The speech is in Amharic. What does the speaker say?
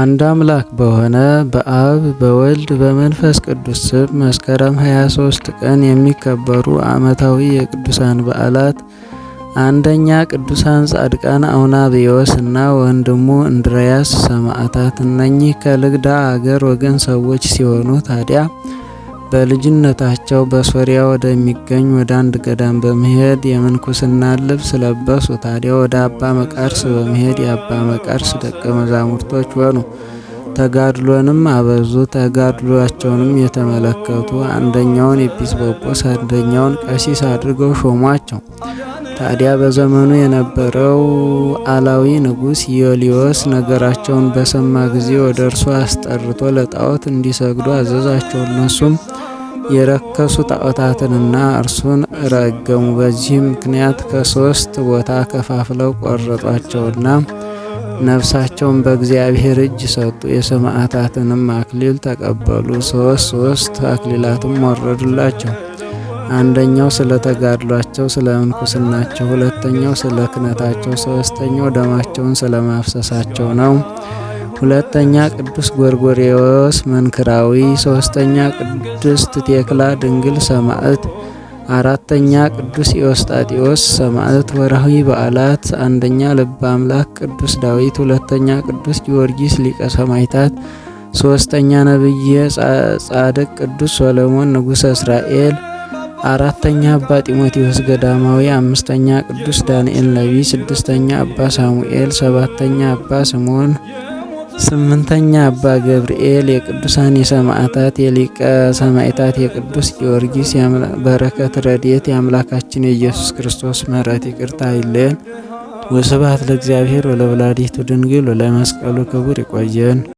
አንድ አምላክ በሆነ በአብ በወልድ በመንፈስ ቅዱስ ስም መስከረም 23 ቀን የሚከበሩ ዓመታዊ የቅዱሳን በዓላት፣ አንደኛ ቅዱሳን ጻድቃን አውናብዮስ እና ወንድሙ እንድርያስ ሰማዕታት። እነኚህ ከልግዳ አገር ወገን ሰዎች ሲሆኑ ታዲያ በልጅነታቸው በሶሪያ ወደሚገኝ ወደ አንድ ገዳም በመሄድ የምንኩስና ልብስ ለበሱ። ታዲያ ወደ አባ መቃርስ በመሄድ የአባ መቃርስ ደቀ መዛሙርቶች ሆኑ። ተጋድሎንም አበዙ። ተጋድሏቸውንም የተመለከቱ አንደኛውን ኤጲስቆጶስ፣ አንደኛውን ቀሲስ አድርገው ሾሟቸው። ታዲያ በዘመኑ የነበረው አላዊ ንጉሥ ዮልዮስ ነገራቸውን በሰማ ጊዜ ወደ እርሱ አስጠርቶ ለጣዖት እንዲሰግዱ አዘዛቸው። እነሱም የረከሱ ጣዖታትንና እርሱን ረገሙ። በዚህም ምክንያት ከሶስት ቦታ ከፋፍለው ቆረጧቸውና ነፍሳቸውን በእግዚአብሔር እጅ ሰጡ። የሰማዕታትንም አክሊል ተቀበሉ። ሶስት ሶስት አክሊላትም ወረዱላቸው። አንደኛው ስለ ተጋድሏቸው ስለ ምንኩስናቸው፣ ሁለተኛው ስለ ክነታቸው ሶስተኛው ደማቸውን ስለ ማፍሰሳቸው ነው። ሁለተኛ ቅዱስ ጎርጎሪዎስ መንክራዊ፣ ሶስተኛ ቅድስት ቴክላ ድንግል ሰማዕት፣ አራተኛ ቅዱስ ኢዮስጣጢዮስ ሰማዕት። ወርሃዊ በዓላት፣ አንደኛ ልበ አምላክ ቅዱስ ዳዊት፣ ሁለተኛ ቅዱስ ጊዮርጊስ ሊቀ ሰማዕታት፣ ሶስተኛ ነቢየ ጻድቅ ቅዱስ ሶሎሞን ንጉሠ እስራኤል፣ አራተኛ አባ ጢሞቴዎስ ገዳማዊ፣ አምስተኛ ቅዱስ ዳንኤል ነቢይ፣ ስድስተኛ አባ ሳሙኤል፣ ሰባተኛ አባ ስምዖን ስምንተኛ አባ ገብርኤል የቅዱሳን የሰማዕታት የሊቀ ሰማዕታት የቅዱስ ጊዮርጊስ በረከት ረድኤት የአምላካችን የኢየሱስ ክርስቶስ ምሕረት ይቅርታ አይለየን። ወስብሐት ለእግዚአብሔር ወለወላዲቱ ድንግል ወለመስቀሉ ክቡር ይቆየን።